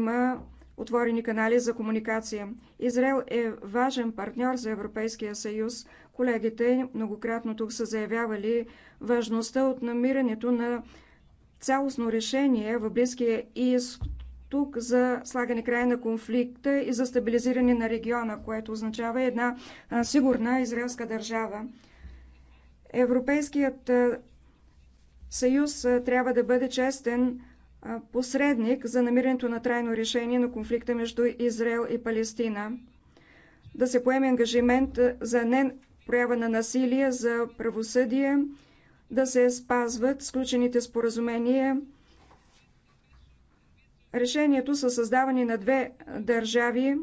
има отворени канали за комуникация. Израел е важен партньор за Европейския съюз. Колегите многократно тук са заявявали важността от намирането на цялостно решение в Близкия изток за слагане край на конфликта и за стабилизиране на региона, което означава една сигурна израелска държава. Европейският съюз трябва да бъде честен посредник за намирането на трайно решение на конфликта между Израел и Палестина, да се поеме ангажимент за не проява на насилие, за правосъдие, да се спазват сключените споразумения. Решението са създаване на две държави,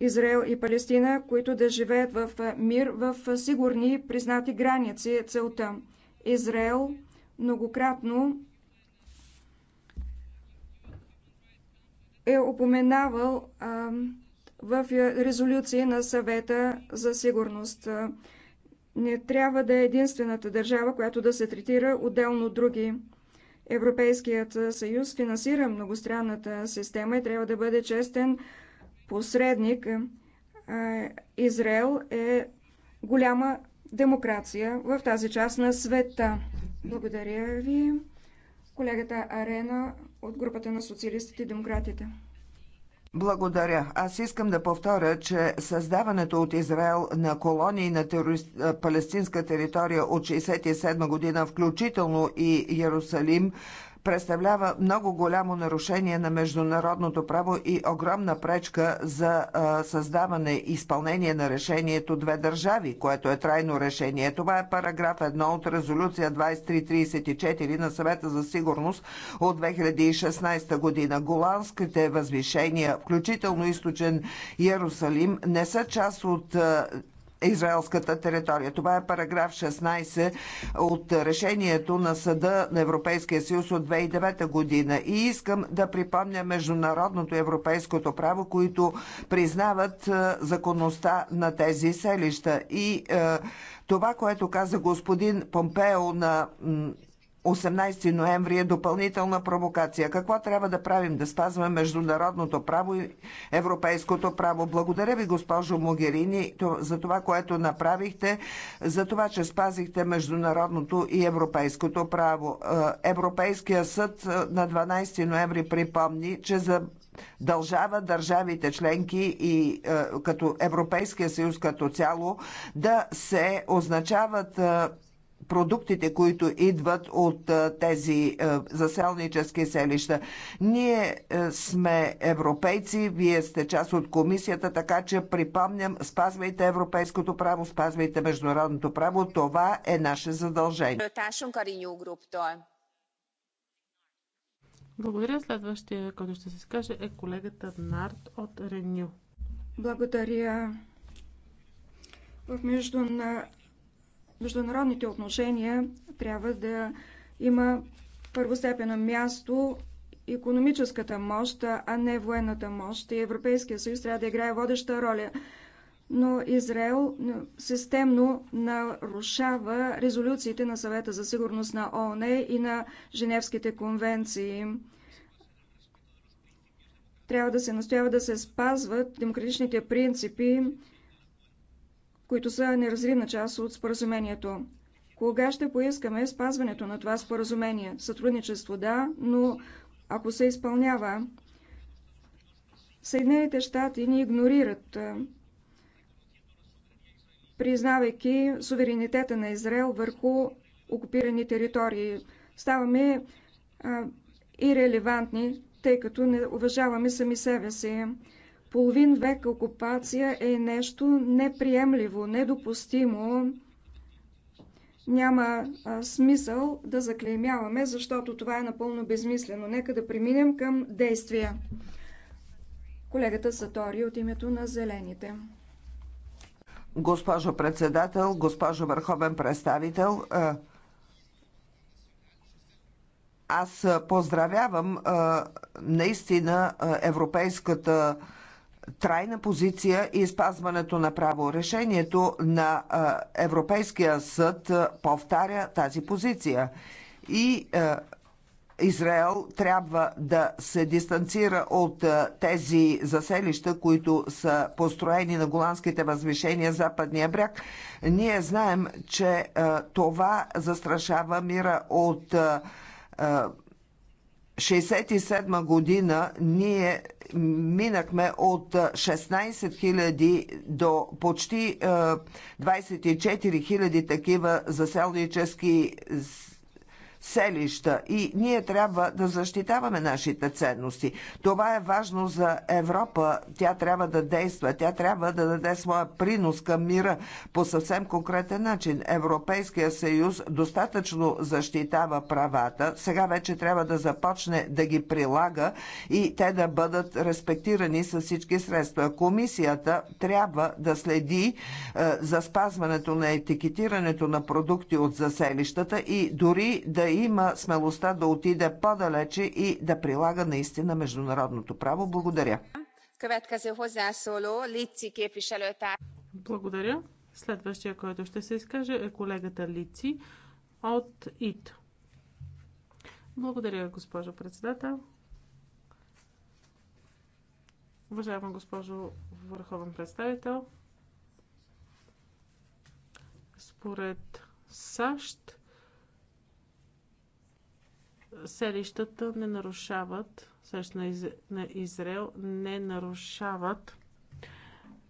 Израел и Палестина, които да живеят в мир, в сигурни признати граници. Целта Израел многократно е упоменавал в резолюции на съвета за сигурност. Не трябва да е единствената държава, която да се третира отделно от други. Европейският съюз финансира многостранната система и трябва да бъде честен посредник. Израел е голяма демокрация в тази част на света. Благодаря ви, колегата Арена от групата на социалистите и демократите. Благодаря. Аз искам да повторя, че създаването от Израел на колонии на терорист... палестинска територия от 1967 година, включително и Ярусалим, представлява много голямо нарушение на международното право и огромна пречка за създаване и изпълнение на решението две държави, което е трайно решение. Това е параграф 1 от резолюция 2334 на съвета за сигурност от 2016 година. Голандските възвишения, включително източен Иерусалим, не са част от израелската територия. Това е параграф 16 от решението на Съда на Европейския съюз от 2009 година. И искам да припомня международното европейското право, които признават е, законността на тези селища. И е, това, което каза господин Помпео на 18 ноември е допълнителна провокация. Какво трябва да правим? Да спазваме международното право и европейското право. Благодаря ви, госпожо Могерини, за това, което направихте, за това, че спазихте международното и европейското право. Е, Европейския съд е, на 12 ноември припомни, че за дължава държавите членки и е, като Европейския съюз като цяло да се означават е, продуктите, които идват от тези заселнически селища. Ние сме европейци, вие сте част от комисията, така че припомням, спазвайте европейското право, спазвайте международното право. Това е наше задължение. Благодаря. Следващия, който ще се скаже е колегата Нарт от Реню. Благодаря. В междуна международните отношения трябва да има първостепенно място економическата мощ, а не военната мощ. И Европейския съюз трябва да играе водеща роля. Но Израел системно нарушава резолюциите на съвета за сигурност на ООН и на Женевските конвенции. Трябва да се настоява да се спазват демократичните принципи които са неразривна част от споразумението. Кога ще поискаме спазването на това споразумение? Сътрудничество да, но ако се изпълнява, Съединените щати ни игнорират, признавайки суверенитета на Израел върху окупирани територии. Ставаме а, ирелевантни, тъй като не уважаваме сами себе си. Половин век окупация е нещо неприемливо, недопустимо. Няма а, смисъл да заклеймяваме, защото това е напълно безмислено. Нека да преминем към действия. Колегата Сатори от името на Зелените. Госпожо председател, госпожо върховен представител, аз поздравявам наистина Европейската трайна позиция и спазването на право. Решението на Европейския съд повтаря тази позиция. И Израел трябва да се дистанцира от тези заселища, които са построени на голандските възвишения Западния бряг. Ние знаем, че това застрашава мира от 1967 година ние минахме от 16 000 до почти 24 е, 000 такива заселнически селища и ние трябва да защитаваме нашите ценности. Това е важно за Европа. Тя трябва да действа, тя трябва да даде своя принос към мира по съвсем конкретен начин. Европейския съюз достатъчно защитава правата. Сега вече трябва да започне да ги прилага и те да бъдат респектирани с всички средства. Комисията трябва да следи е, за спазването на етикетирането на продукти от заселищата и дори да има смелостта да отиде по-далече и да прилага наистина международното право. Благодаря. Благодаря. Следващия, който ще се изкаже е колегата Лици от ИТ. Благодаря, госпожо председател. Уважаема госпожо върховен представител, според САЩ селищата не нарушават, срещу на, на Израел, не нарушават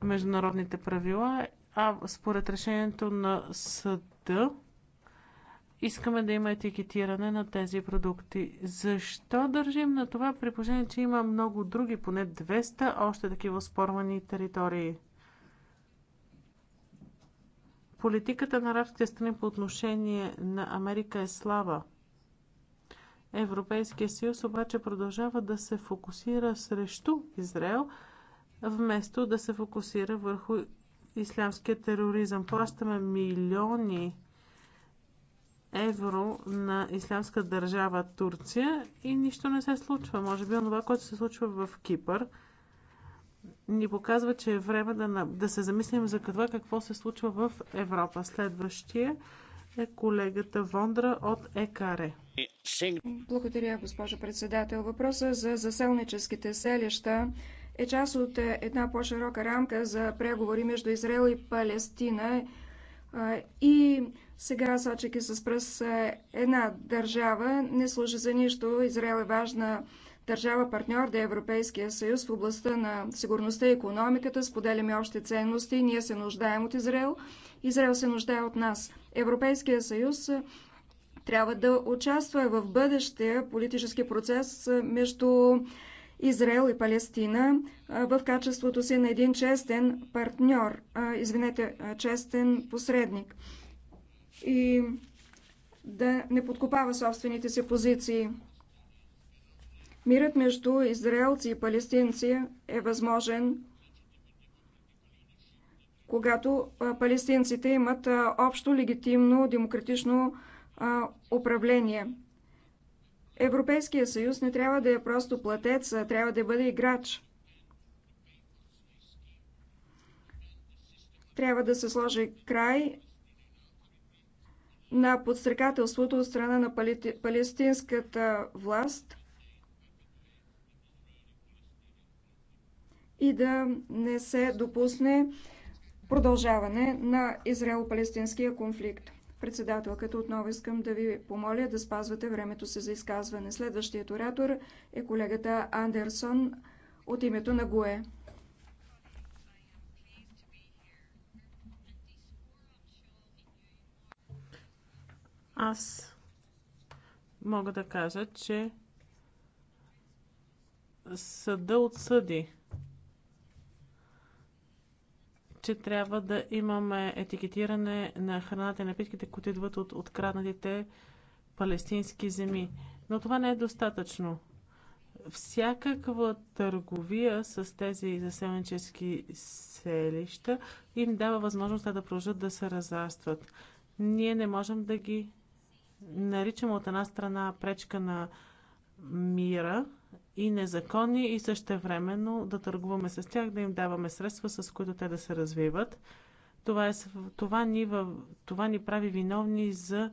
международните правила, а според решението на съда искаме да има етикетиране на тези продукти. Защо държим на това при положение, че има много други, поне 200 още такива спорвани територии? Политиката на арабските страни по отношение на Америка е слаба – Европейския съюз обаче продължава да се фокусира срещу Израел, вместо да се фокусира върху ислямския тероризъм. Плащаме милиони евро на ислямска държава Турция и нищо не се случва. Може би това, което се случва в Кипър, ни показва, че е време да, да се замислим за това какво се случва в Европа. Следващия е колегата Вондра от ЕКАРЕ. Благодаря, госпожо председател. Въпросът за заселническите селища е част от една по-широка рамка за преговори между Израел и Палестина. И сега, сочеки с пръст една държава, не служи за нищо. Израел е важна държава партньор да е Европейския съюз в областта на сигурността и економиката. Споделяме общи ценности. Ние се нуждаем от Израел Израел се нуждае от нас. Европейския съюз трябва да участва в бъдещия политически процес между Израел и Палестина в качеството си на един честен партньор, извинете, честен посредник и да не подкопава собствените си позиции. Мирът между израелци и палестинци е възможен когато палестинците имат общо легитимно демократично управление. Европейския съюз не трябва да е просто платец, а трябва да бъде играч. Трябва да се сложи край на подстрекателството от страна на палестинската власт и да не се допусне продължаване на израел-палестинския конфликт. Председателката отново искам да ви помоля да спазвате времето си за изказване. Следващият оратор е колегата Андерсон от името на ГУЕ. Аз мога да кажа, че съда отсъди че трябва да имаме етикетиране на храната и напитките, които идват от откраднатите палестински земи. Но това не е достатъчно. Всякаква търговия с тези заселнически селища им дава възможност да продължат да се разрастват. Ние не можем да ги наричаме от една страна пречка на мира, и незаконни и същевременно да търгуваме с тях, да им даваме средства, с които те да се развиват. Това, е, това, ни, това ни прави виновни за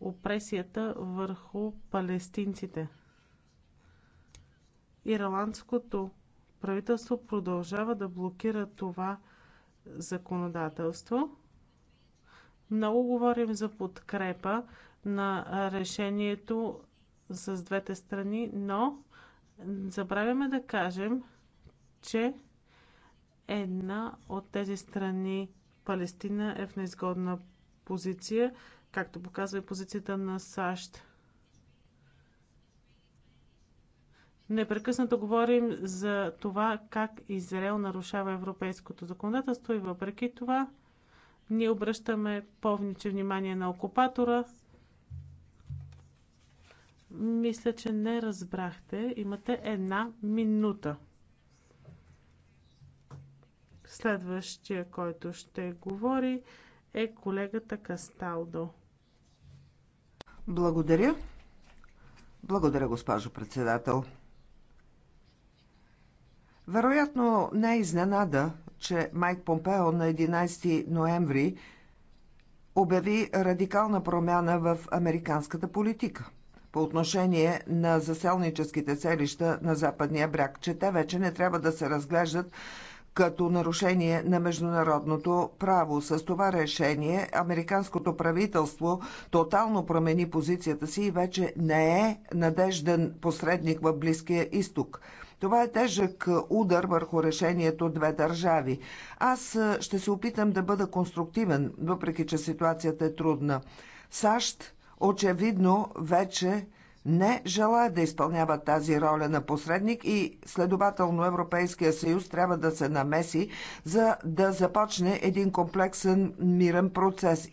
опресията върху палестинците. Ирландското правителство продължава да блокира това законодателство. Много говорим за подкрепа на решението с двете страни, но забравяме да кажем, че една от тези страни, Палестина, е в неизгодна позиция, както показва и позицията на САЩ. Непрекъснато говорим за това как Израел нарушава европейското законодателство и въпреки това ние обръщаме повниче внимание на окупатора мисля, че не разбрахте. Имате една минута. Следващия, който ще говори, е колегата Касталдо. Благодаря. Благодаря, госпожо председател. Вероятно не е изненада, че Майк Помпео на 11 ноември обяви радикална промяна в американската политика по отношение на заселническите селища на Западния бряг, че те вече не трябва да се разглеждат като нарушение на международното право. С това решение американското правителство тотално промени позицията си и вече не е надежден посредник в Близкия изток. Това е тежък удар върху решението две държави. Аз ще се опитам да бъда конструктивен, въпреки че ситуацията е трудна. САЩ очевидно вече не желая да изпълнява тази роля на посредник и следователно Европейския съюз трябва да се намеси, за да започне един комплексен мирен процес.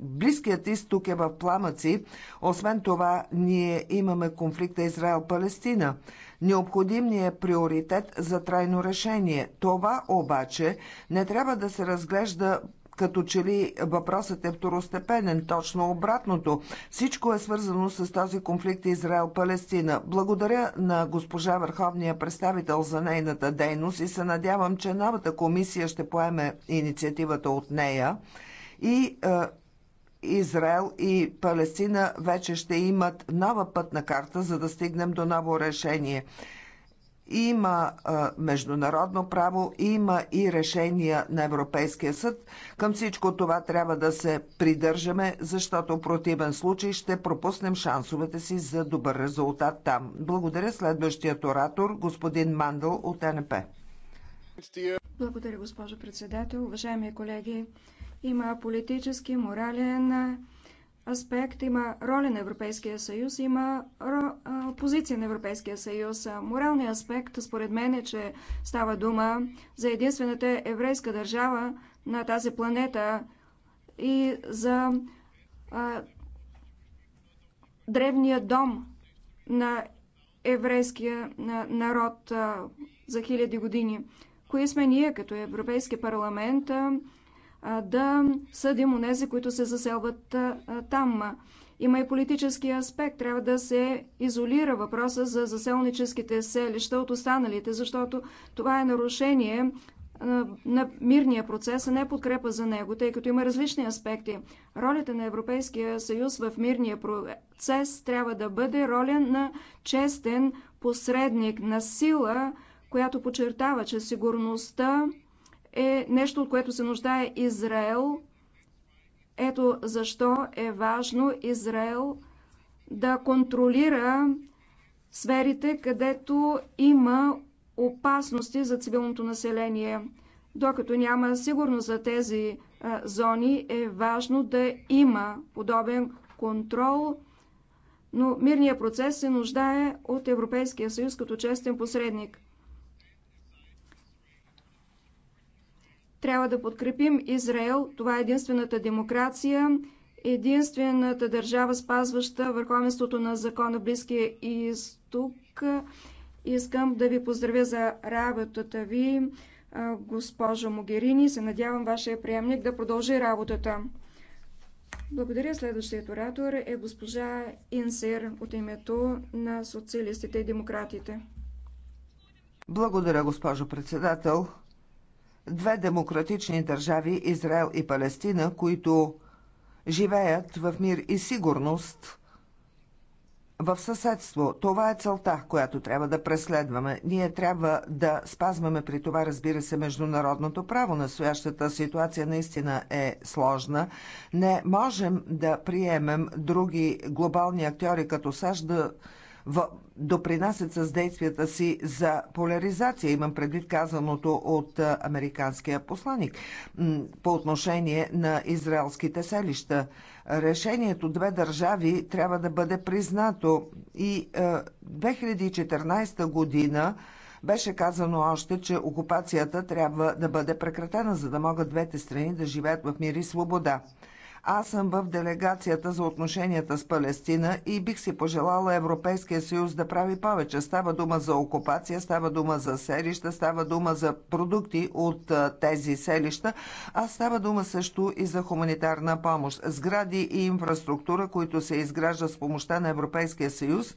Близкият изток е в пламъци. Освен това, ние имаме конфликта Израел-Палестина. Необходим ни е приоритет за трайно решение. Това обаче не трябва да се разглежда като че ли въпросът е второстепенен, точно обратното. Всичко е свързано с този конфликт Израел-Палестина. Благодаря на госпожа Върховния представител за нейната дейност и се надявам, че новата комисия ще поеме инициативата от нея и е, Израел и Палестина вече ще имат нова пътна карта, за да стигнем до ново решение има а, международно право, има и решения на Европейския съд. Към всичко това трябва да се придържаме, защото в противен случай ще пропуснем шансовете си за добър резултат там. Благодаря следващият оратор, господин Мандъл от НП. Благодаря, госпожо председател. Уважаеми колеги, има политически, морален аспект има роля на Европейския съюз, има позиция на Европейския съюз. Моралният аспект, според мен, е, че става дума за единствената еврейска държава на тази планета и за а, древния дом на еврейския народ а, за хиляди години. Кои сме ние като Европейски парламент? А, да съдим онези, които се заселват там. Има и политически аспект. Трябва да се изолира въпроса за заселническите селища от останалите, защото това е нарушение на мирния процес, а не подкрепа за него, тъй като има различни аспекти. Ролята на Европейския съюз в мирния процес трябва да бъде роля на честен посредник, на сила, която подчертава, че сигурността е нещо, от което се нуждае Израел. Ето защо е важно Израел да контролира сферите, където има опасности за цивилното население. Докато няма сигурност за тези а, зони, е важно да има подобен контрол, но мирният процес се нуждае от Европейския съюз като честен посредник. Трябва да подкрепим Израел. Това е единствената демокрация, единствената държава, спазваща върховенството на закона Близкия изток. Искам да ви поздравя за работата ви, госпожа Могерини. Се надявам вашия приемник да продължи работата. Благодаря. Следващият оратор е госпожа Инсер от името на социалистите и демократите. Благодаря, госпожо председател две демократични държави, Израел и Палестина, които живеят в мир и сигурност в съседство. Това е целта, която трябва да преследваме. Ние трябва да спазваме при това, разбира се, международното право. Настоящата ситуация наистина е сложна. Не можем да приемем други глобални актьори като САЩ да в... допринасят с действията си за поляризация. Имам предвид казаното от американския посланник по отношение на израелските селища. Решението две държави трябва да бъде признато и 2014 година беше казано още, че окупацията трябва да бъде прекратена, за да могат двете страни да живеят в мир и свобода. Аз съм в делегацията за отношенията с Палестина и бих си пожелала Европейския съюз да прави повече. Става дума за окупация, става дума за селища, става дума за продукти от тези селища, а става дума също и за хуманитарна помощ. Сгради и инфраструктура, които се изграждат с помощта на Европейския съюз,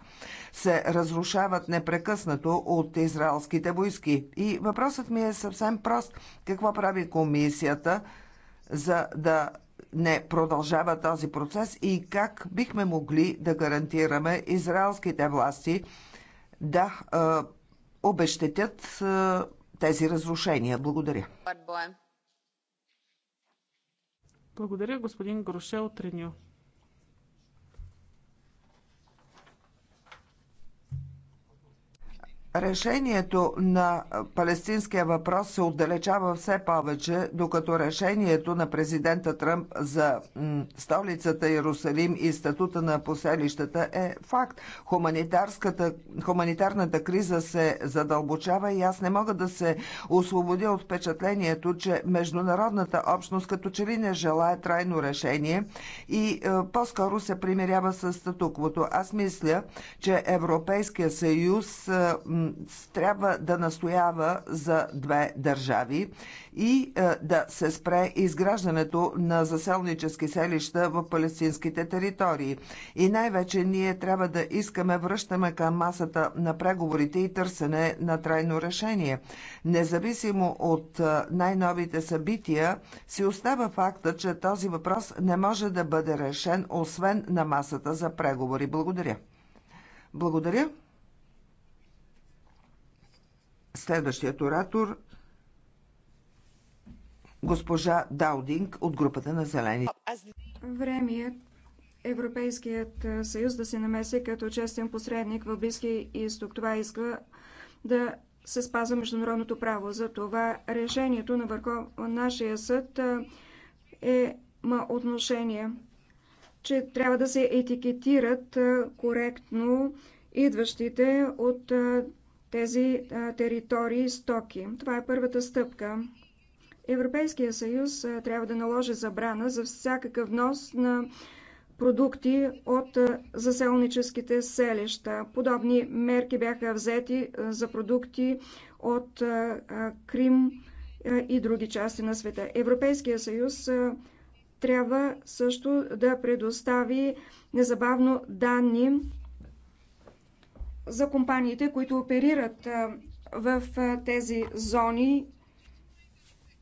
се разрушават непрекъснато от израелските войски. И въпросът ми е съвсем прост. Какво прави комисията, за да не продължава този процес и как бихме могли да гарантираме израелските власти да е, обещетят е, тези разрушения. Благодаря. Благодаря, господин Грошел Треню. Решението на палестинския въпрос се отдалечава все повече, докато решението на президента Тръмп за столицата Иерусалим и статута на поселищата е факт. Хуманитарната криза се задълбочава и аз не мога да се освободя от впечатлението, че международната общност като че ли не желая трайно решение и е, по-скоро се примирява с статуквото. Аз мисля, че Европейския съюз е, трябва да настоява за две държави и е, да се спре изграждането на заселнически селища в палестинските територии. И най-вече ние трябва да искаме връщаме към масата на преговорите и търсене на трайно решение. Независимо от е, най-новите събития, си остава факта, че този въпрос не може да бъде решен освен на масата за преговори. Благодаря. Благодаря. Следващият оратор госпожа Даудинг от групата на Зелени. Време е Европейският съюз да се намеси като честен посредник в Близкия изток. Това иска да се спазва международното право. За това решението на върхов... нашия съд е ма отношение, че трябва да се етикетират коректно идващите от тези а, територии и стоки. Това е първата стъпка. Европейския съюз а, трябва да наложи забрана за всякакъв нос на продукти от а, заселническите селища. Подобни мерки бяха взети а, за продукти от а, а, Крим а, и други части на света. Европейския съюз а, трябва също да предостави незабавно данни за компаниите, които оперират в тези зони.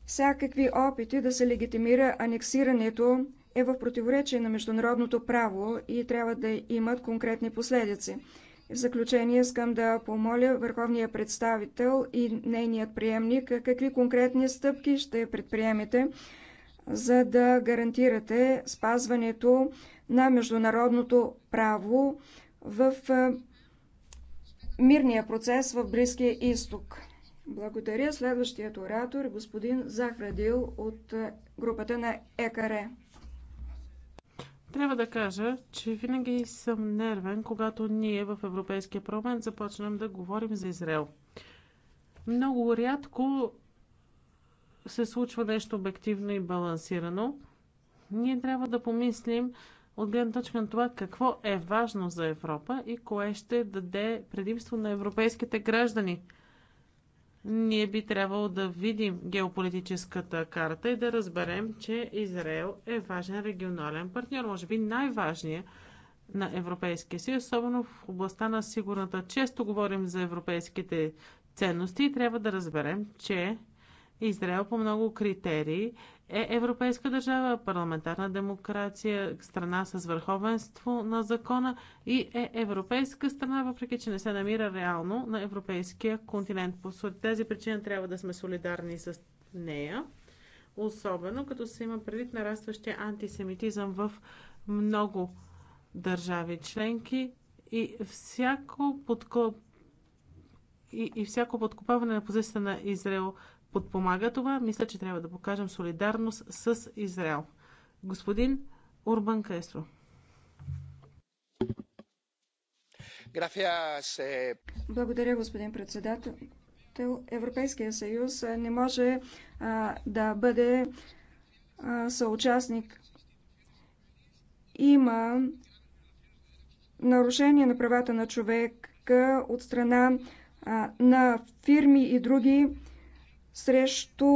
Всякакви опити да се легитимира анексирането е в противоречие на международното право и трябва да имат конкретни последици. В заключение искам да помоля върховния представител и нейният приемник какви конкретни стъпки ще предприемете, за да гарантирате спазването на международното право в мирния процес в Близкия изток. Благодаря. Следващият оратор е господин Захрадил от е, групата на ЕКАРЕ. Трябва да кажа, че винаги съм нервен, когато ние в Европейския парламент започнем да говорим за Израел. Много рядко се случва нещо обективно и балансирано. Ние трябва да помислим от гледна точка на това какво е важно за Европа и кое ще даде предимство на европейските граждани. Ние би трябвало да видим геополитическата карта и да разберем, че Израел е важен регионален партньор, може би най-важният на Европейския съюз, особено в областта на сигурната. Често говорим за европейските ценности и трябва да разберем, че Израел по много критерии е европейска държава, парламентарна демокрация, страна с върховенство на закона и е европейска страна, въпреки че не се намира реално на европейския континент. По тази причина трябва да сме солидарни с нея, особено като се има предвид нарастващия антисемитизъм в много държави членки и всяко подкоп и, и всяко подкопаване на позицията на Израел подпомага това, мисля, че трябва да покажем солидарност с Израел. Господин Урбан Кресо. Е- Благодаря, господин председател. Европейския съюз не може а, да бъде а, съучастник. Има нарушение на правата на човека от страна а, на фирми и други срещу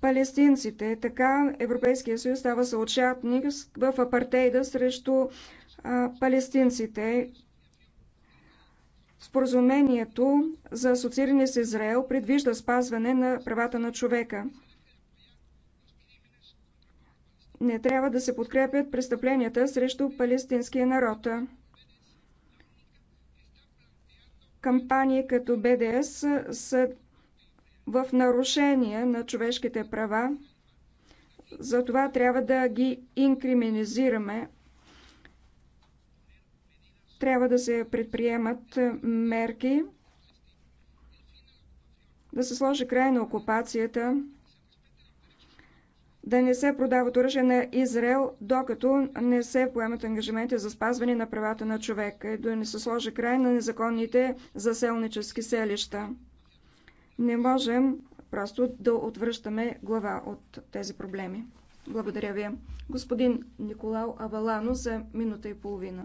палестинците. Така Европейския съюз става съучастник в апартейда срещу а, палестинците. Споразумението за асоцииране с Израел предвижда спазване на правата на човека. Не трябва да се подкрепят престъпленията срещу палестинския народ. Кампании като БДС са в нарушение на човешките права. Затова трябва да ги инкриминизираме. Трябва да се предприемат мерки, да се сложи край на окупацията, да не се продават оръжия на Израел, докато не се поемат ангажименти за спазване на правата на човека и да не се сложи край на незаконните заселнически селища. Не можем просто да отвръщаме глава от тези проблеми. Благодаря ви. Господин Николао Авалано за минута и половина.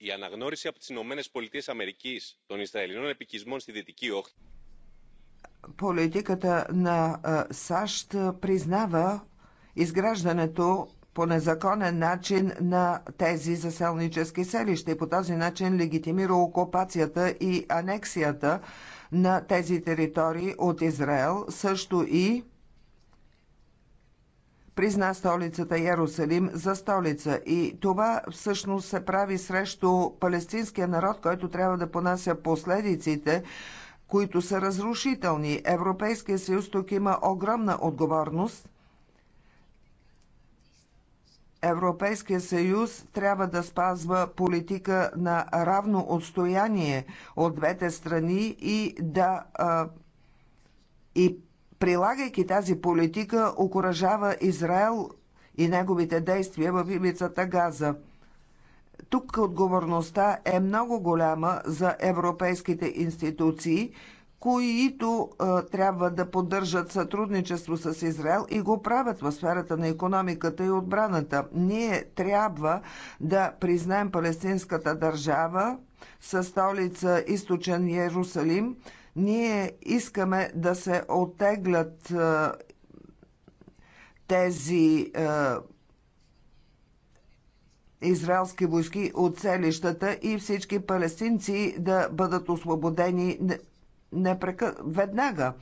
Η αναγνώριση από τις Ηνωμένες Πολιτείες Αμερικής των Ισραηλινών επικισμών στη Δυτική Όχθη. Политиката на САЩ признава изграждането по незаконен начин на тези заселнически селища и по този начин легитимира окупацията и анексията на тези територии от Израел, също и призна столицата Ярусалим за столица. И това всъщност се прави срещу палестинския народ, който трябва да понася последиците, които са разрушителни. Европейския съюз тук има огромна отговорност Европейския съюз трябва да спазва политика на равно отстояние от двете страни и да и прилагайки тази политика, окоръжава Израел и неговите действия в ивицата Газа. Тук отговорността е много голяма за европейските институции които а, трябва да поддържат сътрудничество с Израел и го правят в сферата на економиката и отбраната. Ние трябва да признаем палестинската държава със столица Източен Иерусалим. Ние искаме да се отеглят а, тези а, израелски войски от селищата и всички палестинци да бъдат освободени непрекъ... веднага.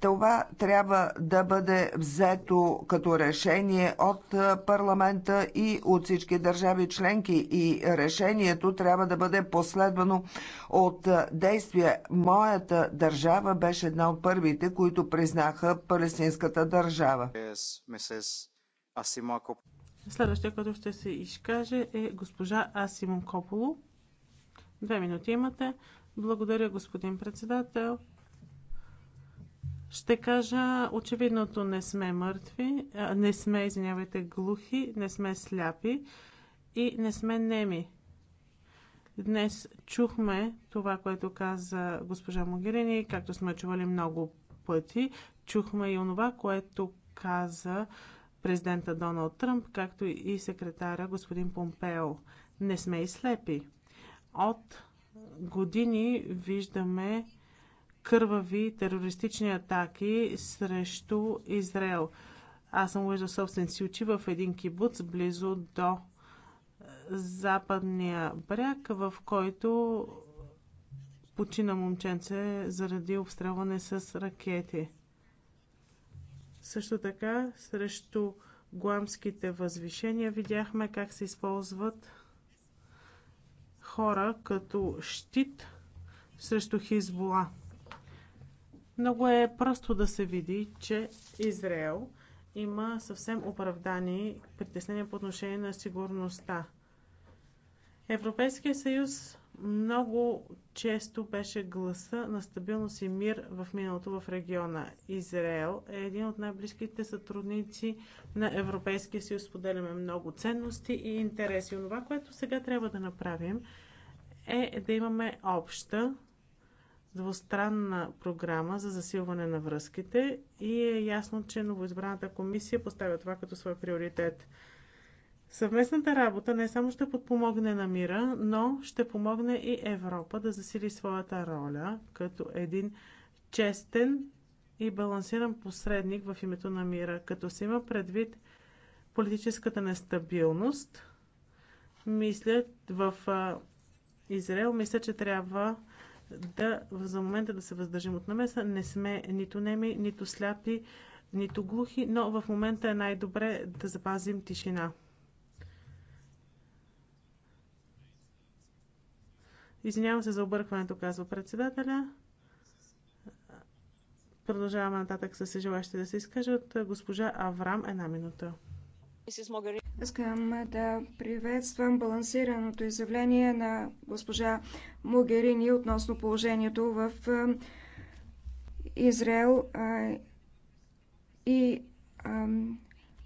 Това трябва да бъде взето като решение от парламента и от всички държави членки и решението трябва да бъде последвано от действия. Моята държава беше една от първите, които признаха палестинската държава. Следващия, който ще се изкаже е госпожа Асимон Кополо. Две минути имате. Благодаря, господин председател. Ще кажа, очевидното не сме мъртви, не сме, извинявайте, глухи, не сме сляпи и не сме неми. Днес чухме това, което каза госпожа Могерини, както сме чували много пъти. Чухме и онова, което каза президента Доналд Тръмп, както и секретаря господин Помпео. Не сме и слепи. От години виждаме кървави терористични атаки срещу Израел. Аз съм виждал собствените си очи в един кибуц близо до е, западния бряг, в който почина момченце заради обстрелване с ракети. Също така, срещу гламските възвишения видяхме как се използват хора като щит срещу Хизбола. Много е просто да се види, че Израел има съвсем оправдани притеснения по отношение на сигурността. Европейския съюз много често беше гласа на стабилност и мир в миналото в региона. Израел е един от най-близките сътрудници на Европейския съюз. Споделяме много ценности и интереси. Онова, което сега трябва да направим е да имаме обща двустранна програма за засилване на връзките и е ясно, че новоизбраната комисия поставя това като свой приоритет. Съвместната работа не само ще подпомогне на мира, но ще помогне и Европа да засили своята роля като един честен и балансиран посредник в името на мира, като се има предвид политическата нестабилност. мислят в Израел, мисля, че трябва да за момента да се въздържим от намеса. Не сме нито неми, нито сляпи, нито глухи, но в момента е най-добре да запазим тишина. Извинявам се за объркването, казва председателя. Продължаваме нататък с желащите да се изкажат. Госпожа Аврам, една минута. Искам да приветствам балансираното изявление на госпожа Могерини относно положението в е, Израел и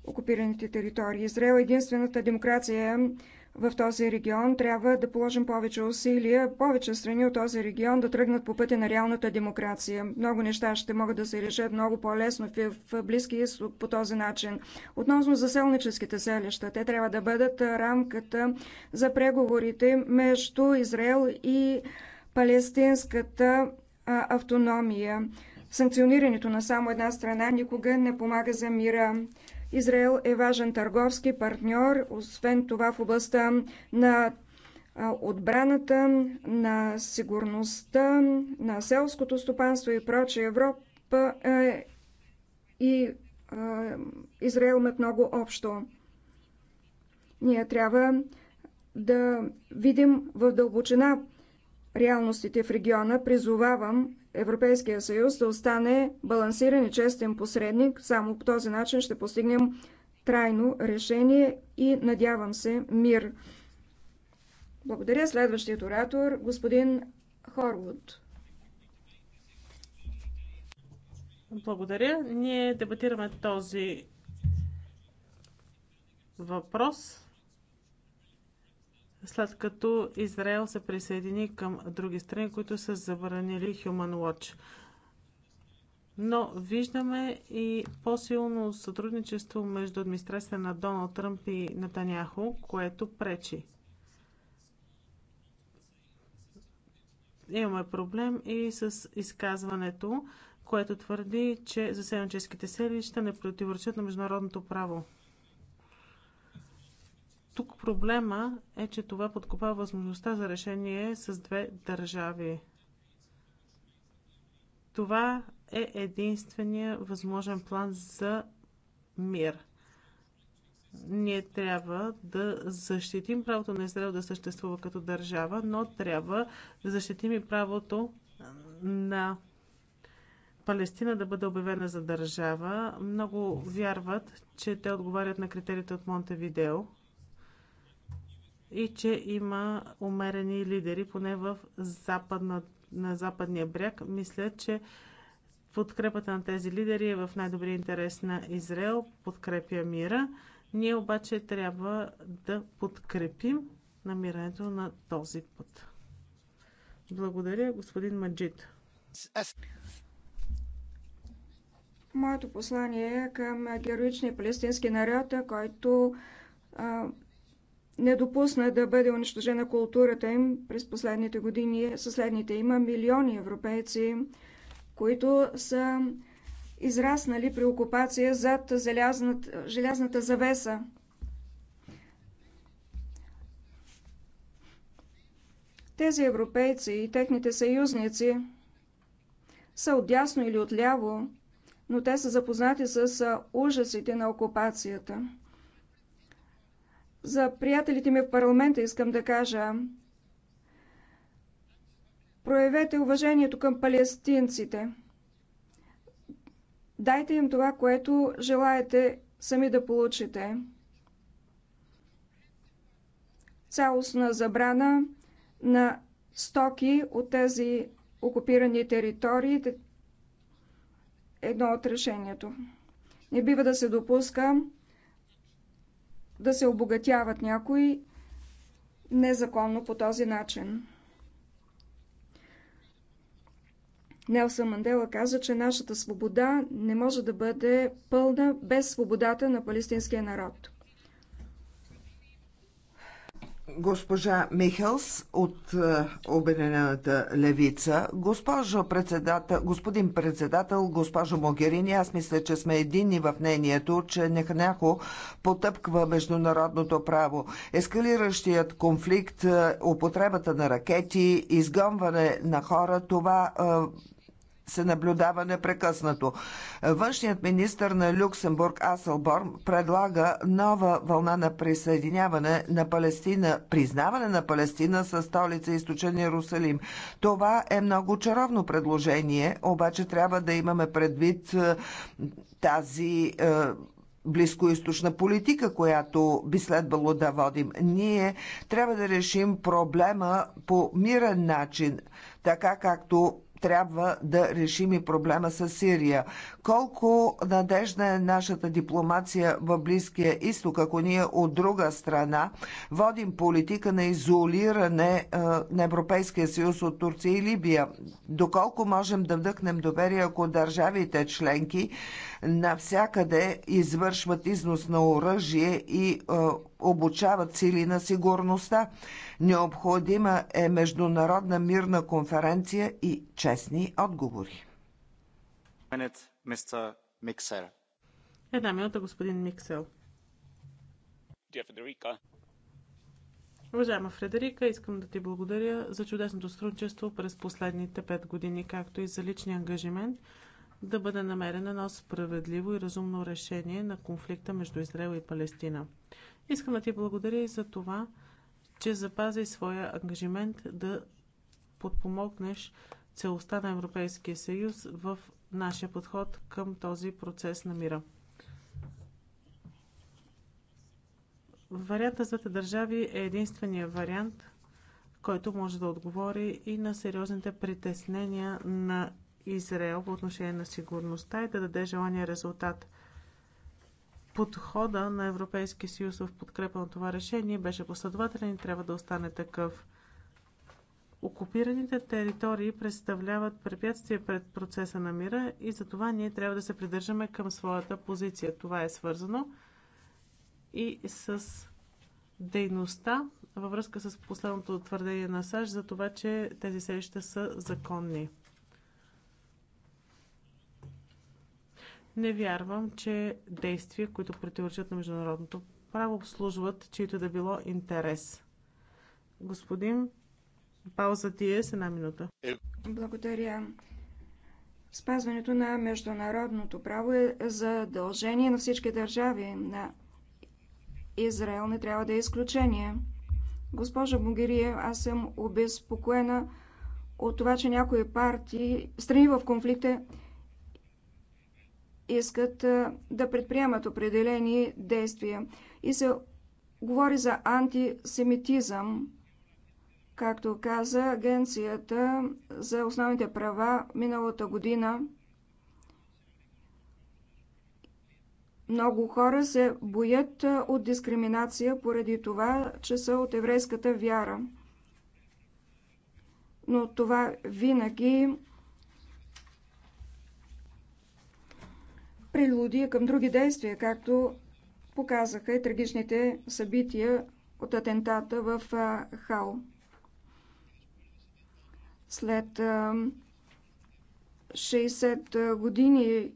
окупираните територии. Израел е единствената демокрация в този регион, трябва да положим повече усилия, повече страни от този регион да тръгнат по пътя на реалната демокрация. Много неща ще могат да се решат много по-лесно в Близкия изток по този начин. Относно заселническите селища, те трябва да бъдат рамката за преговорите между Израел и палестинската автономия. Санкционирането на само една страна никога не помага за мира. Израел е важен търговски партньор, освен това в областта на отбраната, на сигурността, на селското стопанство и прочие Европа е, и е, Израел имат много общо. Ние трябва да видим в дълбочина реалностите в региона. Призовавам Европейския съюз да остане балансиран и честен посредник. Само по този начин ще постигнем трайно решение и, надявам се, мир. Благодаря. Следващият оратор, господин Хорвуд. Благодаря. Ние дебатираме този въпрос след като Израел се присъедини към други страни, които са забранили Human Watch. Но виждаме и по-силно сътрудничество между администрацията на Доналд Тръмп и Натаняхо, което пречи. Имаме проблем и с изказването, което твърди, че заселническите селища не противоречат на международното право. Тук проблема е, че това подкопава възможността за решение с две държави. Това е единствения възможен план за мир. Ние трябва да защитим правото на Израел да съществува като държава, но трябва да защитим и правото на Палестина да бъде обявена за държава. Много вярват, че те отговарят на критериите от Монтевидео и че има умерени лидери, поне в западна, на западния бряг. Мисля, че подкрепата на тези лидери е в най-добрия интерес на Израел, подкрепя мира. Ние обаче трябва да подкрепим намирането на този път. Благодаря, господин Маджид. Моето послание е към героичния палестински народ, който не допусна да бъде унищожена културата им през последните години. Със следните има милиони европейци, които са израснали при окупация зад желязната, желязната завеса. Тези европейци и техните съюзници са отдясно или отляво, но те са запознати с ужасите на окупацията. За приятелите ми в парламента искам да кажа. Проявете уважението към палестинците. Дайте им това, което желаете сами да получите. Цялостна забрана на стоки от тези окупирани територии едно от решението. Не бива да се допуска да се обогатяват някои незаконно по този начин. Нелсън Мандела каза, че нашата свобода не може да бъде пълна без свободата на палестинския народ госпожа Михелс от е, Обединената левица. Госпожо председател, господин председател, госпожо Могерини, аз мисля, че сме единни в мнението, че Неханяхо потъпква международното право. Ескалиращият конфликт, е, употребата на ракети, изгонване на хора, това е, се наблюдава непрекъснато. Външният министр на Люксембург Аселборн предлага нова вълна на присъединяване на Палестина, признаване на Палестина със столица Източен Иерусалим. Това е много чаровно предложение, обаче трябва да имаме предвид е, тази е, близкоисточна политика, която би следвало да водим. Ние трябва да решим проблема по мирен начин, така както трябва да решим и проблема с Сирия. Колко надежна е нашата дипломация в Близкия изток, ако ние от друга страна водим политика на изолиране е, на Европейския съюз от Турция и Либия? Доколко можем да вдъхнем доверие, ако държавите членки навсякъде извършват износ на оръжие и е, обучават сили на сигурността. Необходима е международна мирна конференция и честни отговори. Една минута, господин Миксел. Уважаема Фредерика, искам да ти благодаря за чудесното сътрудничество през последните пет години, както и за личния ангажимент – да бъде намерено едно справедливо и разумно решение на конфликта между Израел и Палестина. Искам да ти благодаря и за това, че запази своя ангажимент да подпомогнеш целостта на Европейския съюз в нашия подход към този процес на мира. Вариантът за държави е единствения вариант, който може да отговори и на сериозните притеснения на Израел по отношение на сигурността и да даде желания резултат. Подхода на Европейския съюз в подкрепа на това решение беше последователен и трябва да остане такъв. Окупираните територии представляват препятствие пред процеса на мира и затова ние трябва да се придържаме към своята позиция. Това е свързано и с дейността във връзка с последното твърдение на САЩ за това, че тези селища са законни. Не вярвам, че действия, които противоречат на международното право, обслужват чието да било интерес. Господин, пауза ти е с една минута. Благодаря. Спазването на международното право е задължение на всички държави. На Израел не трябва да е изключение. Госпожа Могирия, аз съм обезпокоена от това, че някои партии, страни в конфликта, искат да предприемат определени действия. И се говори за антисемитизъм, както каза Агенцията за основните права миналата година. Много хора се боят от дискриминация поради това, че са от еврейската вяра. Но това винаги прелюдия към други действия, както показаха и трагичните събития от атентата в Хао. След 60 години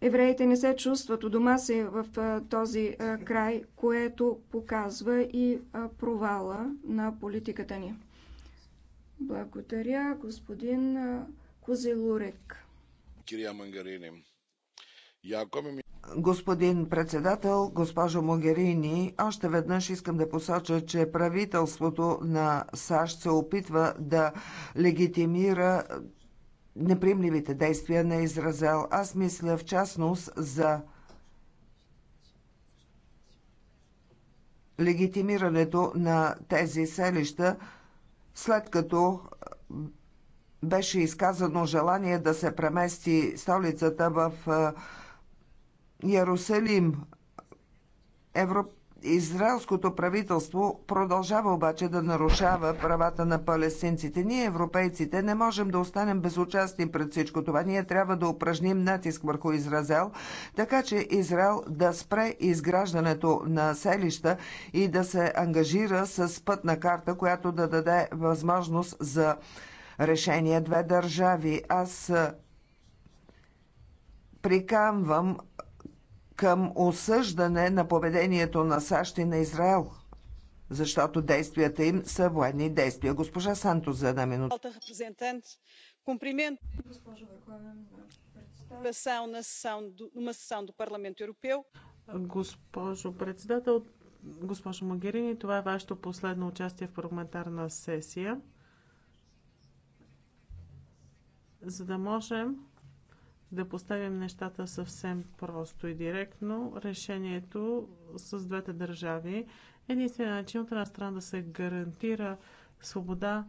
евреите не се чувстват у дома си в този край, което показва и провала на политиката ни. Благодаря, господин Козелурек. Господин председател, госпожо Могерини, още веднъж искам да посоча, че правителството на САЩ се опитва да легитимира неприемливите действия на Израел. Аз мисля в частност за легитимирането на тези селища, след като беше изказано желание да се премести столицата в Ярусалим. Европ... Израелското правителство продължава обаче да нарушава правата на палестинците. Ние, европейците, не можем да останем безучастни пред всичко това. Ние трябва да упражним натиск върху Израел, така че Израел да спре изграждането на селища и да се ангажира с пътна карта, която да даде възможност за решение две държави. Аз приканвам към осъждане на поведението на САЩ и на Израел, защото действията им са военни действия. Госпожа Санто, за една минута. Госпожо Госпожо председател, госпожо Магерини, това е вашето последно участие в парламентарна сесия. за да можем да поставим нещата съвсем просто и директно. Решението с двете държави е единствения начин от една страна да се гарантира свобода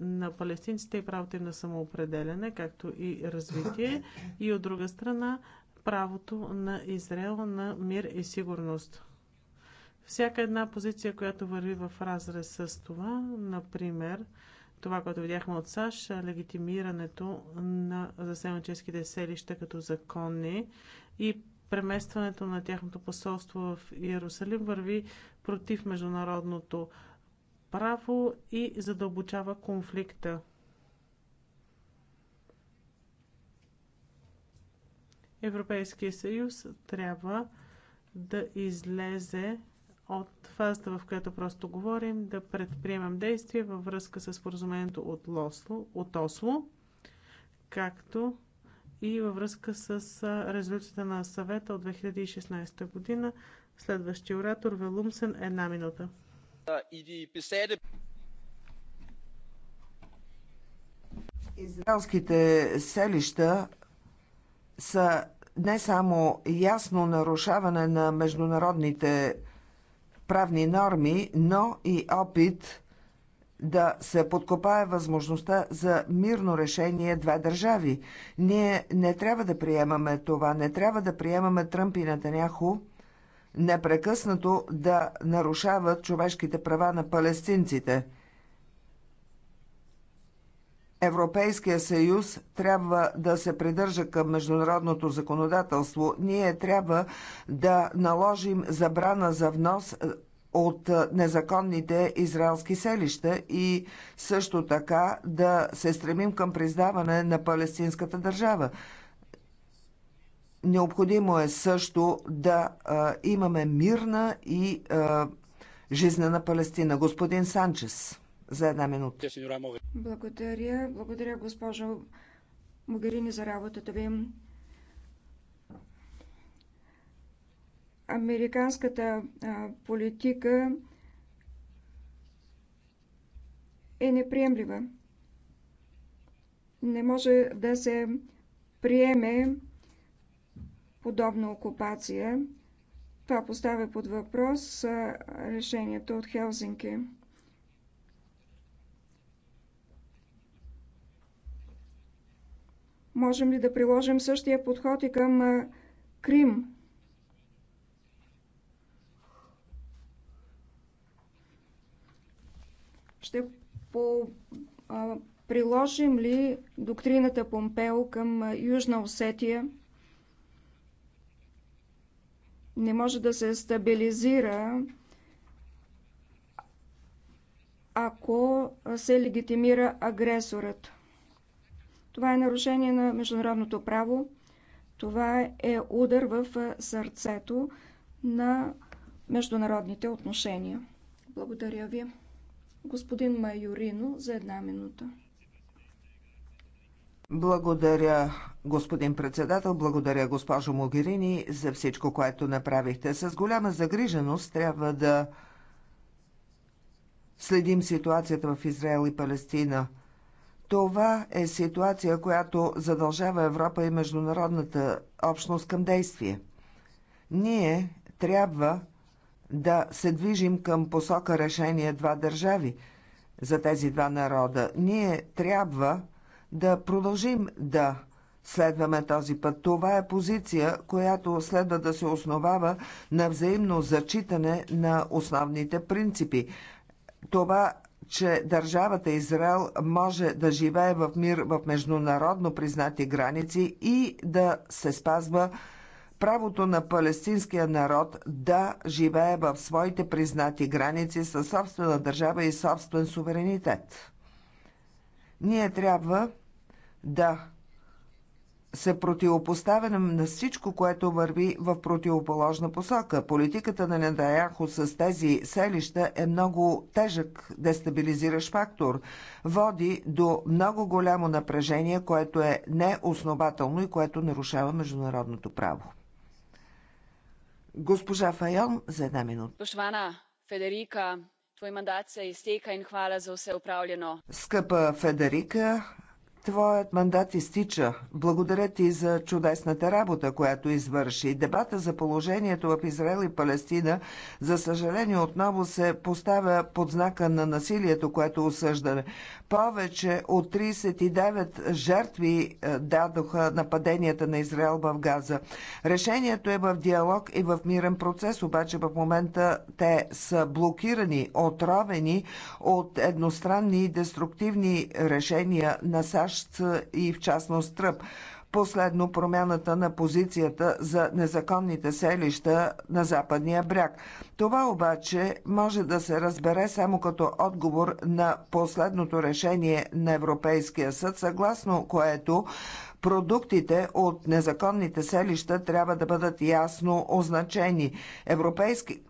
на палестинците и правото им на самоопределяне, както и развитие, и от друга страна правото на Израел на мир и сигурност. Всяка една позиция, която върви в разрез с това, например, това, което видяхме от САЩ, е легитимирането на заселническите селища като законни и преместването на тяхното посолство в Иерусалим върви против международното право и задълбочава конфликта. Европейския съюз трябва да излезе от фазата, в която просто говорим, да предприемам действия във връзка с споразумението от, Лосло, от Осло, както и във връзка с резолюцията на съвета от 2016 година. Следващия оратор Велумсен една минута. Израелските селища са не само ясно нарушаване на международните правни норми, но и опит да се подкопае възможността за мирно решение две държави. Ние не трябва да приемаме това, не трябва да приемаме Тръмп и Натаняху непрекъснато да нарушават човешките права на палестинците. Европейския съюз трябва да се придържа към международното законодателство. Ние трябва да наложим забрана за внос е, от е, незаконните израелски селища и също така да се стремим към признаване на палестинската държава. Необходимо е също да а, е, имаме мирна и а, жизнена Палестина. Господин Санчес за една минута. Благодаря, благодаря госпожо Могарини за работата ви. Американската политика е неприемлива. Не може да се приеме подобна окупация. Това поставя под въпрос решението от Хелзинки. Можем ли да приложим същия подход и към Крим? Ще по, а, приложим ли доктрината Помпео към Южна Осетия? Не може да се стабилизира ако се легитимира агресорът. Това е нарушение на международното право. Това е удар в сърцето на международните отношения. Благодаря ви. Господин Майорино за една минута. Благодаря, господин председател, благодаря, госпожо Могерини, за всичко, което направихте. С голяма загриженост трябва да следим ситуацията в Израел и Палестина – това е ситуация, която задължава Европа и международната общност към действие. Ние трябва да се движим към посока решение два държави за тези два народа. Ние трябва да продължим да следваме този път. Това е позиция, която следва да се основава на взаимно зачитане на основните принципи. Това че държавата Израел може да живее в мир в международно признати граници и да се спазва правото на палестинския народ да живее в своите признати граници със собствена държава и собствен суверенитет. Ние трябва да се противопоставя на всичко, което върви в противоположна посока. Политиката на Недаяхо с тези селища е много тежък дестабилизиращ фактор. Води до много голямо напрежение, което е неоснователно и което нарушава международното право. Госпожа Файон, за една минута. Пошвана Федерика, твой мандат се изтека и хвала за все управлено. Скъпа Федерика, Твоят мандат изтича. Благодаря ти за чудесната работа, която извърши. Дебата за положението в Израел и Палестина, за съжаление, отново се поставя под знака на насилието, което осъждаме. Повече от 39 жертви е, дадоха нападенията на Израел в Газа. Решението е в диалог и в мирен процес, обаче в момента те са блокирани, отровени от едностранни и деструктивни решения на САЩ САЩ и в частност Тръп. Последно промяната на позицията за незаконните селища на западния бряг. Това обаче може да се разбере само като отговор на последното решение на Европейския съд, съгласно което Продуктите от незаконните селища трябва да бъдат ясно означени. Европейски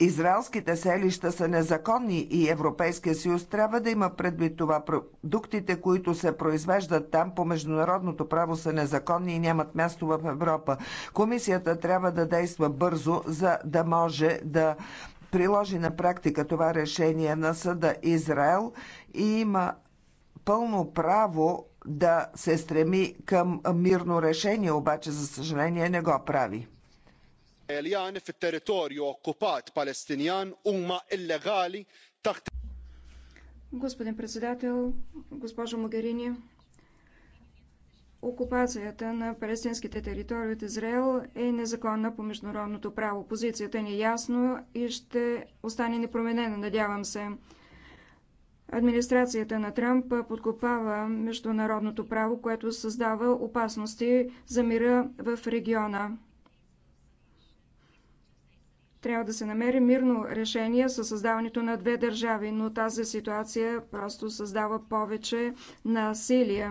израелските селища са незаконни и Европейския съюз трябва да има предвид това. Продуктите, които се произвеждат там по международното право са незаконни и нямат място в Европа. Комисията трябва да действа бързо, за да може да приложи на практика това решение на съда Израел и има пълно право да се стреми към мирно решение, обаче за съжаление не го прави iżraeljan fit-territorju okkupat Palestinjan huma illegali taħt Господин председател, госпожо Могерини, окупацията на палестинските територии от Израел е незаконна по международното право. Позицията ни е ясно и ще остане непроменена, надявам се. Администрацията на Трамп подкопава международното право, което създава опасности за мира в региона. Трябва да се намери мирно решение със създаването на две държави, но тази ситуация просто създава повече насилие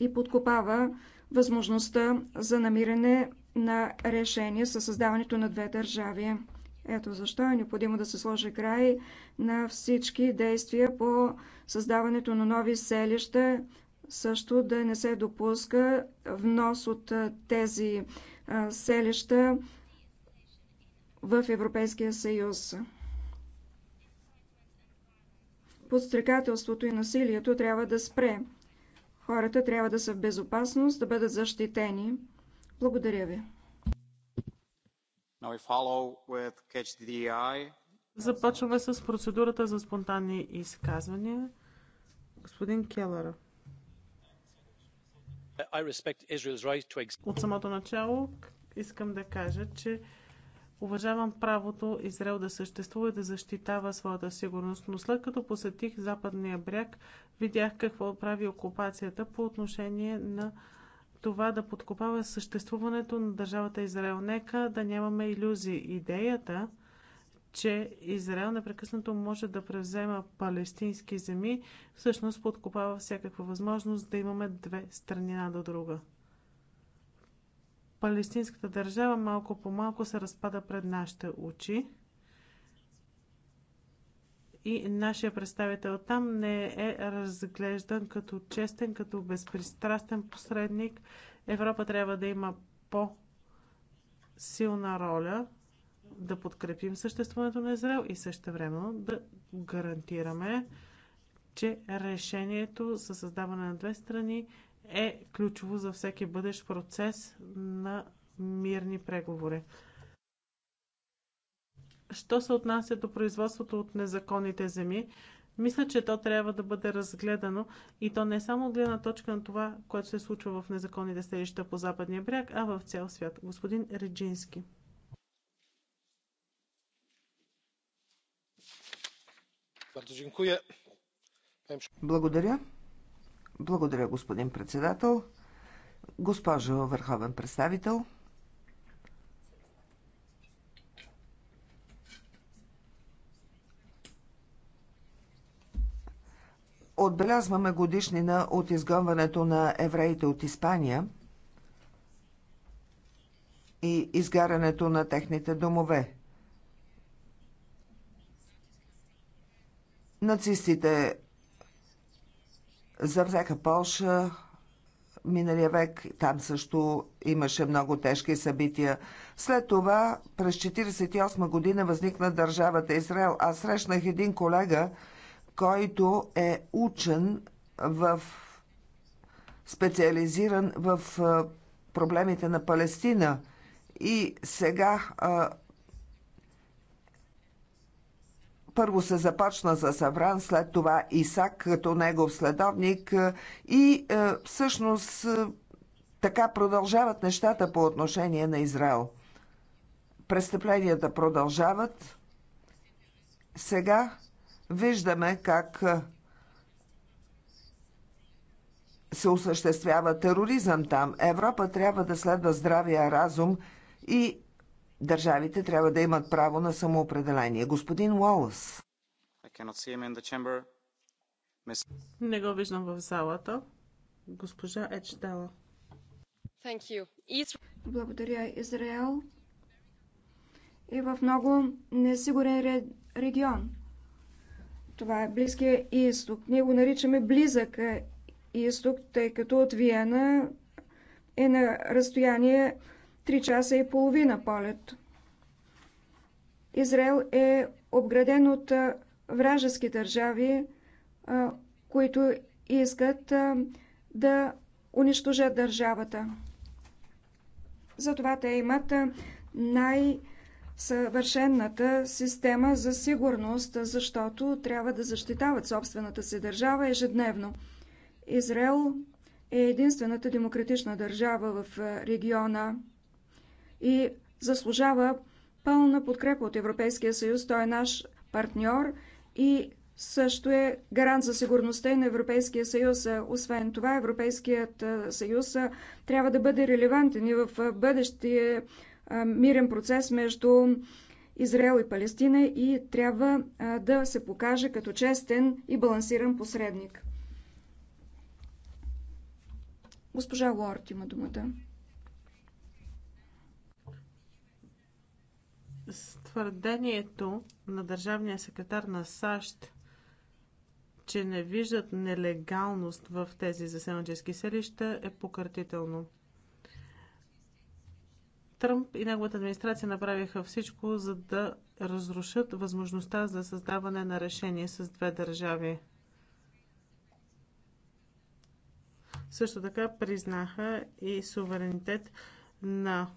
и подкопава възможността за намиране на решение със създаването на две държави. Ето защо е необходимо да се сложи край на всички действия по създаването на нови селища, също да не се допуска внос от тези селища в Европейския съюз. Подстрекателството и насилието трябва да спре. Хората трябва да са в безопасност, да бъдат защитени. Благодаря ви. Започваме с процедурата за спонтанни изказвания. Господин Келър. От самото начало искам да кажа, че уважавам правото Израел да съществува и да защитава своята сигурност, но след като посетих Западния бряг, видях какво прави окупацията по отношение на това да подкопава съществуването на държавата Израел. Нека да нямаме иллюзии. Идеята че Израел непрекъснато може да превзема палестински земи, всъщност подкопава всякаква възможност да имаме две страни една до друга. Палестинската държава малко по малко се разпада пред нашите очи и нашия представител там не е разглеждан като честен, като безпристрастен посредник. Европа трябва да има по-силна роля да подкрепим съществуването на Израел и също времено да гарантираме, че решението за създаване на две страни е ключово за всеки бъдещ процес на мирни преговори. Що се отнася до производството от незаконните земи, мисля, че то трябва да бъде разгледано и то не само от гледна точка на това, което се случва в незаконните селища по западния бряг, а в цял свят. Господин Реджински. Благодаря. Благодаря, господин председател. Госпожо върховен представител, отбелязваме годишнина от изгонването на евреите от Испания и изгарянето на техните домове. Нацистите завзеха Полша миналия век. Там също имаше много тежки събития. След това през 1948 година възникна държавата Израел. Аз срещнах един колега, който е учен в специализиран в проблемите на Палестина. И сега Първо се започна за Савран, след това Исак като негов следовник е, и е, всъщност е, така продължават нещата по отношение на Израел. Престъпленията продължават. Сега виждаме как се осъществява тероризъм там. Европа трябва да следва здравия разум и държавите трябва да имат право на самоопределение. Господин Уолъс. Не го виждам в залата. Госпожа Ечдала. Благодаря, Израел. И в много несигурен регион. Това е Близкия изток. Ние го наричаме Близък е, изток, тъй като от Виена е на разстояние Три часа и половина полет. Израел е обграден от вражески държави, които искат да унищожат държавата. Затова те имат най-съвършенната система за сигурност, защото трябва да защитават собствената си държава ежедневно. Израел е единствената демократична държава в региона и заслужава пълна подкрепа от Европейския съюз. Той е наш партньор и също е гарант за сигурността и на Европейския съюз. Освен това, Европейският съюз трябва да бъде релевантен и в бъдещия мирен процес между Израел и Палестина и трябва да се покаже като честен и балансиран посредник. Госпожа Лорд има думата. с твърдението на държавния секретар на САЩ, че не виждат нелегалност в тези заселнически селища е пократително. Тръмп и неговата администрация направиха всичко, за да разрушат възможността за създаване на решение с две държави. Също така признаха и суверенитет на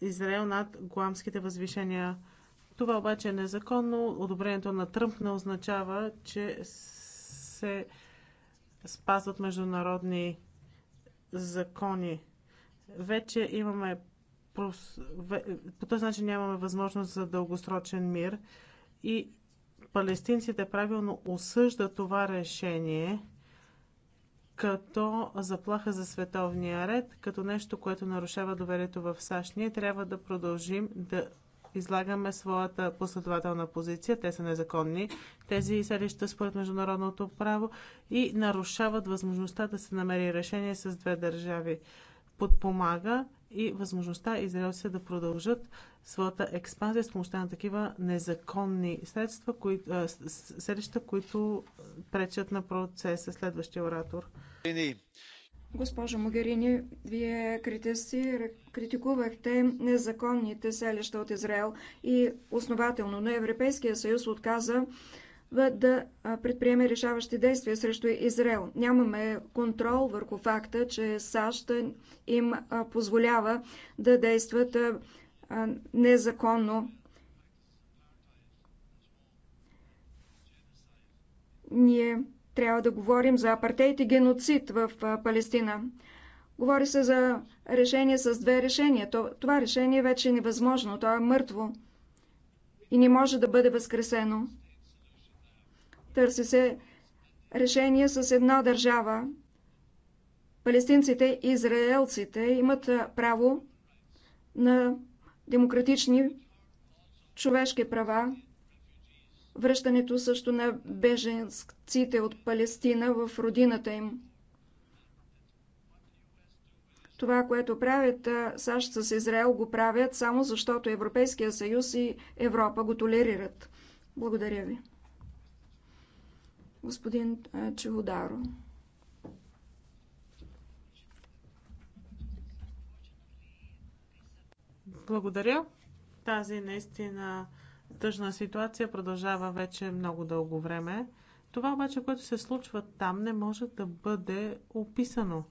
Израел над гламските възвишения. Това обаче е незаконно. Одобрението на Тръмп не означава, че се спазват международни закони. Вече имаме по този начин нямаме възможност за дългосрочен мир и палестинците правилно осъждат това решение като заплаха за световния ред, като нещо, което нарушава доверието в САЩ. Ние трябва да продължим да излагаме своята последователна позиция. Те са незаконни. Тези селища според международното право и нарушават възможността да се намери решение с две държави. Подпомага и възможността израелците да продължат своята експанзия с помощта на такива незаконни средства, селища, които пречат на процеса. Следващия оратор. Госпожо Могерини, вие критикувахте незаконните селища от Израел и основателно, но Европейския съюз отказа да предприеме решаващи действия срещу Израел. Нямаме контрол върху факта, че САЩ им позволява да действат незаконно. Ние трябва да говорим за апартейт и геноцид в Палестина. Говори се за решение с две решения. Това решение е вече е невъзможно. То е мъртво и не може да бъде възкресено. Търси се решение с една държава. Палестинците и израелците имат право на демократични човешки права връщането също на беженците от Палестина в родината им. Това, което правят САЩ с Израел, го правят само защото Европейския съюз и Европа го толерират. Благодаря ви. Господин Чеводаро. Благодаря. Тази наистина тъжна ситуация продължава вече много дълго време. Това обаче, което се случва там, не може да бъде описано.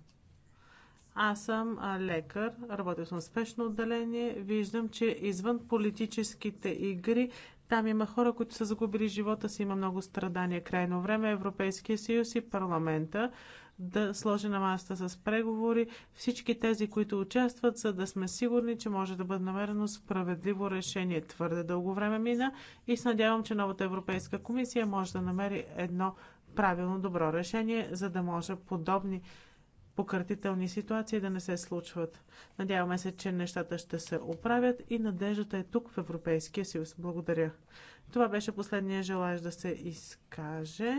Аз съм лекар, работя съм спешно отделение, виждам, че извън политическите игри там има хора, които са загубили живота си, има много страдания. Крайно време е Европейския съюз и парламента да сложи на масата с преговори всички тези, които участват, за да сме сигурни, че може да бъде намерено справедливо решение. Твърде дълго време мина и се надявам, че новата Европейска комисия може да намери едно правилно добро решение, за да може подобни пократителни ситуации да не се случват. Надяваме се, че нещата ще се оправят и надеждата е тук в Европейския съюз. Благодаря. Това беше последния желаящ да се изкаже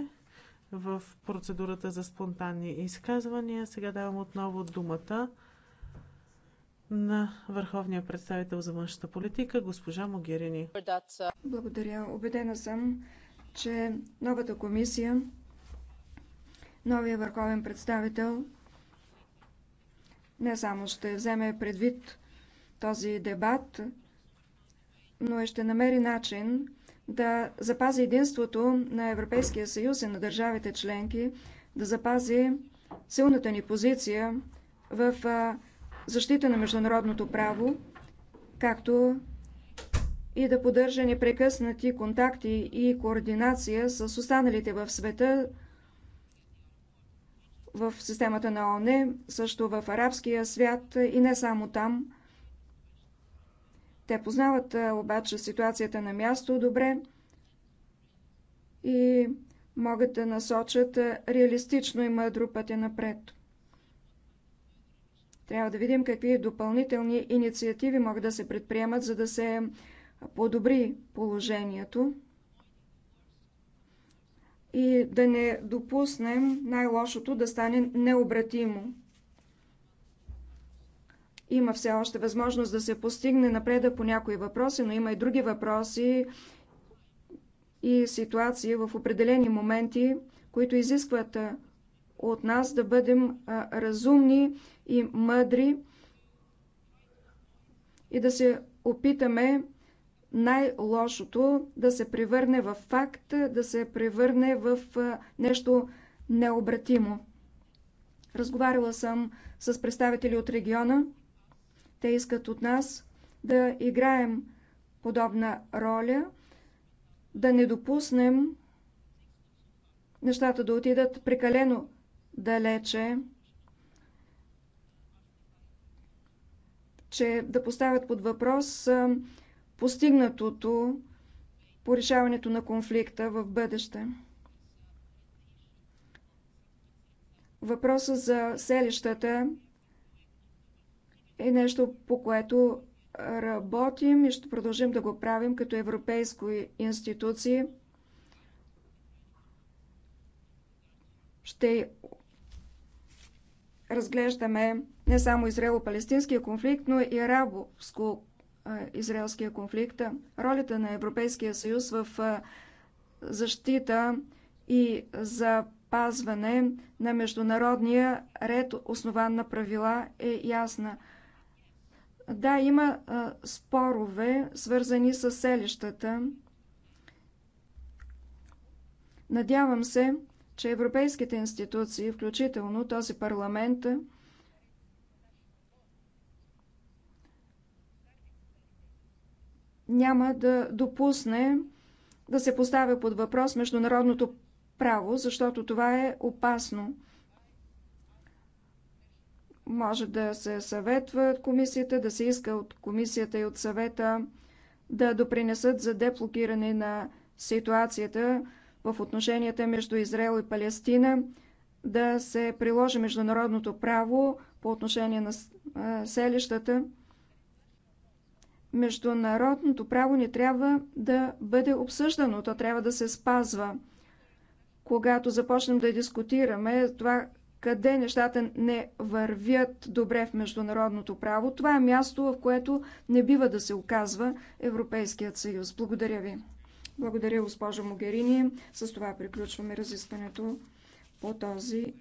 в процедурата за спонтанни изказвания. Сега давам отново думата на върховния представител за външната политика, госпожа Могерини. Благодаря. Обедена съм, че новата комисия, новия върховен представител не само ще вземе предвид този дебат, но и ще намери начин да запази единството на Европейския съюз и на държавите членки, да запази силната ни позиция в защита на международното право, както и да поддържа непрекъснати контакти и координация с останалите в света в системата на ООН, също в арабския свят и не само там – те познават обаче ситуацията на място добре и могат да насочат реалистично и мъдро пътя напред. Трябва да видим какви допълнителни инициативи могат да се предприемат, за да се подобри положението и да не допуснем най-лошото да стане необратимо. Има все още възможност да се постигне напреда по някои въпроси, но има и други въпроси и ситуации в определени моменти, които изискват от нас да бъдем разумни и мъдри и да се опитаме най-лошото да се превърне в факт, да се превърне в нещо необратимо. Разговаряла съм с представители от региона те искат от нас да играем подобна роля, да не допуснем нещата да отидат прекалено далече, че да поставят под въпрос постигнатото по решаването на конфликта в бъдеще. Въпросът за селищата е нещо, по което работим и ще продължим да го правим като европейско институции. Ще разглеждаме не само израело-палестинския конфликт, но и арабско-израелския конфликт. Ролята на Европейския съюз в защита и запазване на международния ред, основан на правила, е ясна – да, има а, спорове, свързани с селищата. Надявам се, че европейските институции, включително този парламент, няма да допусне да се поставя под въпрос международното право, защото това е опасно може да се съветва от комисията, да се иска от комисията и от съвета да допринесат за деблокиране на ситуацията в отношенията между Израел и Палестина, да се приложи международното право по отношение на селищата. Международното право не трябва да бъде обсъждано, то трябва да се спазва. Когато започнем да дискутираме това къде нещата не вървят добре в международното право. Това е място, в което не бива да се оказва Европейският съюз. Благодаря ви. Благодаря, госпожа Могерини. С това приключваме разискването по този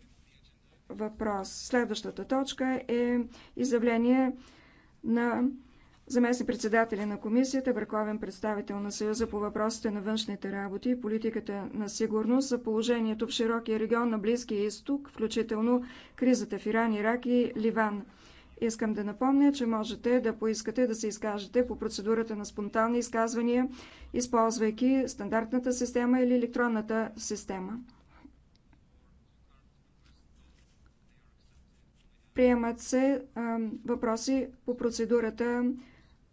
въпрос. Следващата точка е изявление на заместник председателя на комисията, върховен представител на Съюза по въпросите на външните работи и политиката на сигурност за положението в широкия регион на Близкия изток, включително кризата в Иран, Ирак и Ливан. Искам да напомня, че можете да поискате да се изкажете по процедурата на спонтанни изказвания, използвайки стандартната система или електронната система. Приемат се а, въпроси по процедурата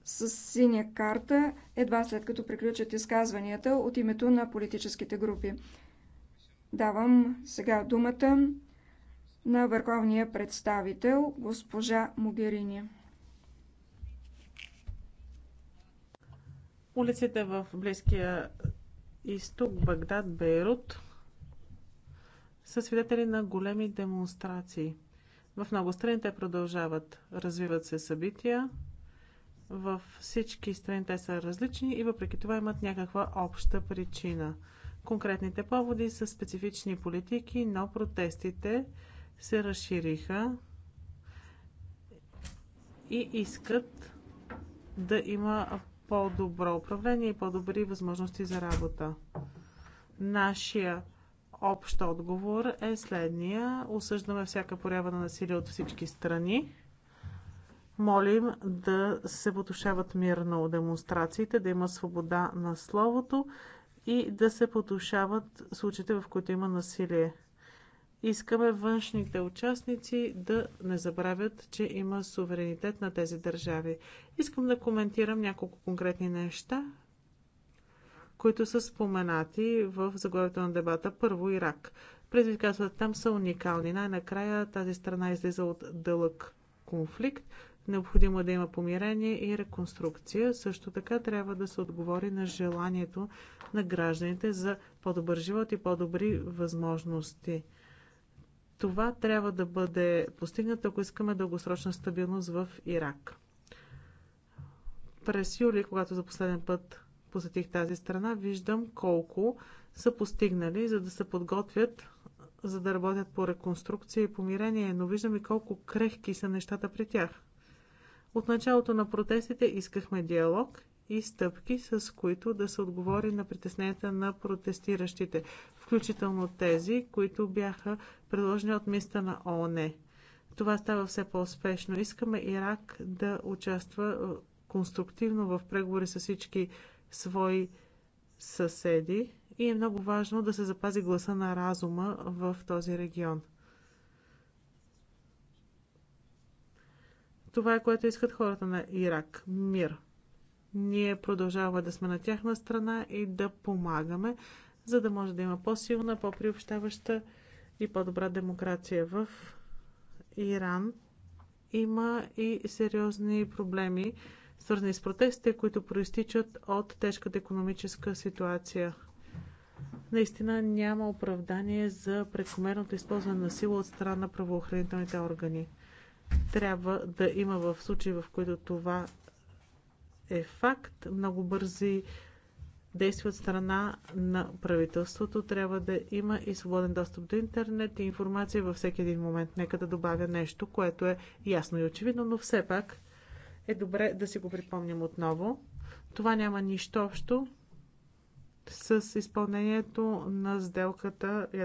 с синя карта, едва след като приключат изказванията от името на политическите групи. Давам сега думата на върховния представител госпожа Могерини. Улиците в Близкия изток, Багдад, Бейрут са свидетели на големи демонстрации. В много страни те продължават. Развиват се събития, във всички страни те са различни и въпреки това имат някаква обща причина. Конкретните поводи са специфични политики, но протестите се разшириха и искат да има по-добро управление и по-добри възможности за работа. Нашия общ отговор е следния. Осъждаме всяка проява на насилие от всички страни молим да се потушават мирно демонстрациите, да има свобода на словото и да се потушават случаите, в които има насилие. Искаме външните участници да не забравят, че има суверенитет на тези държави. Искам да коментирам няколко конкретни неща, които са споменати в заглавието на дебата. Първо Ирак. Предизвикателствата там са уникални. Най-накрая тази страна излиза от дълъг конфликт, Необходимо е да има помирение и реконструкция. Също така трябва да се отговори на желанието на гражданите за по-добър живот и по-добри възможности. Това трябва да бъде постигнато, ако искаме дългосрочна стабилност в Ирак. През юли, когато за последен път посетих тази страна, виждам колко са постигнали, за да се подготвят за да работят по реконструкция и помирение, но виждам и колко крехки са нещата при тях. От началото на протестите искахме диалог и стъпки, с които да се отговори на притесненията на протестиращите, включително тези, които бяха предложени от места на ООН. Това става все по-успешно. Искаме Ирак да участва е, конструктивно в преговори с всички свои съседи и е много важно да се запази гласа на разума в този регион. Това е което искат хората на Ирак. Мир. Ние продължаваме да сме на тяхна страна и да помагаме, за да може да има по-силна, по-приобщаваща и по-добра демокрация в Иран. Има и сериозни проблеми, свързани с протестите, които проистичат от тежката економическа ситуация. Наистина няма оправдание за прекомерното използване на сила от страна на правоохранителните органи трябва да има в случаи, в които това е факт. Много бързи действия от страна на правителството трябва да има и свободен достъп до интернет и информация във всеки един момент. Нека да добавя нещо, което е ясно и очевидно, но все пак е добре да си го припомним отново. Това няма нищо общо с изпълнението на сделката